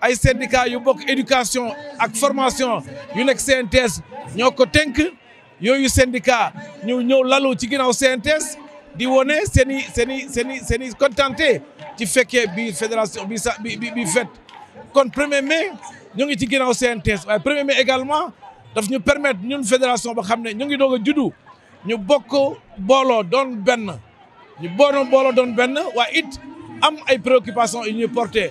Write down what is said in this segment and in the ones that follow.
ay syndicat yu bokk éducation ak formation yu nek CNTS ñoko tenk yoyu syndicat ñu ci CNTS di woné, i seen i contenté ci féké bi fédération bi bi bi mai nous ngi ci ginaaw CNTS 1er mai également daf ñu permettre ñun fédération ba xamné ñu ngi a ñu bokk bolo don ben ñu booloo bolo don ben it am ay préoccupations yu porter.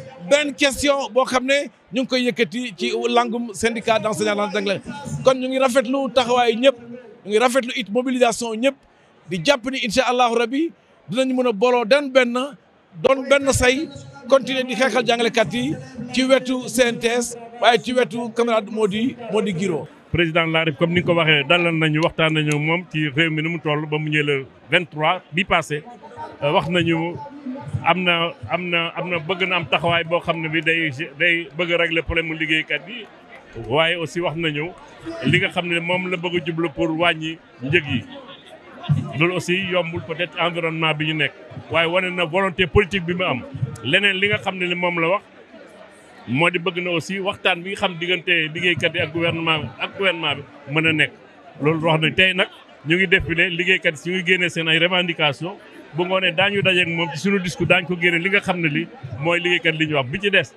benn question boo xam ne ñu ngi koy yëkkati ci langum syndicat d'enseignants d'anglais kon ñu ngi rafet rafetlu taxawaay ñëpp ñu ngi rafet lu it mobilisation ñëpp di jàpp ni incha allahu rabi ñu mën a booloo den benn doon benn say continuer di xeexal jàngalekat yi ci wetu CNTS waaye ci wetu camarade moo di moo di Guiro président de la comme ni nga ko waxee dalal nañu waxtaan nañu moom ci réew mi nu mu toll ba mu ñëw le 23 bi passé euh, wax nañu. am na am na am na bëgg na am taxawaay boo xam ne bi day day bëgg a régler problème mu liggéeykat bi waaye aussi wax nañu li nga xam ne moom la bëgg a jublu pour wàññi njëg yi loolu aussi yombul peut-être environnement bi ñu nekk waaye wane na volonté politique bi mu am leneen li nga xam ne ni moom la wax moo di bëgg na aussi waxtaan bi nga xam diggante liggéeykat yi ak gouvernement ak gouvernement bi mën a nekk loolu wax nañ tey nag ñu ngi défilé liggéeykat yi ñu ngi génnee seen ay revendications bu ngoonee daañu dajeeg moom ci suñu discours daañu ko génne li nga xam ne li mooy liggéeykat li ñu wax bi ci des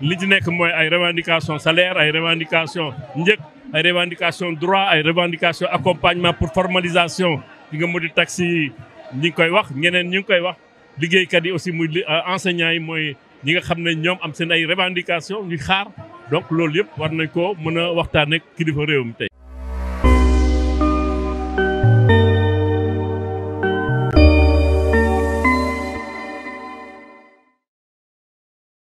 li ci nekk mooy ay revendication salaire ay revendication njëg ay revendication droit ay revendication accompagnement pour formalisation li nga mu di taxi yi ñi ngi koy wax ngeneen ñu ngi koy wax liggéeykat yi aussi muy euh, enseignants yi mooy ñi nga xam ne ñoom am seen ay revendication ñu xaar donc loolu yëpp war nañ koo mën a waxtaan ak kilifa réew mi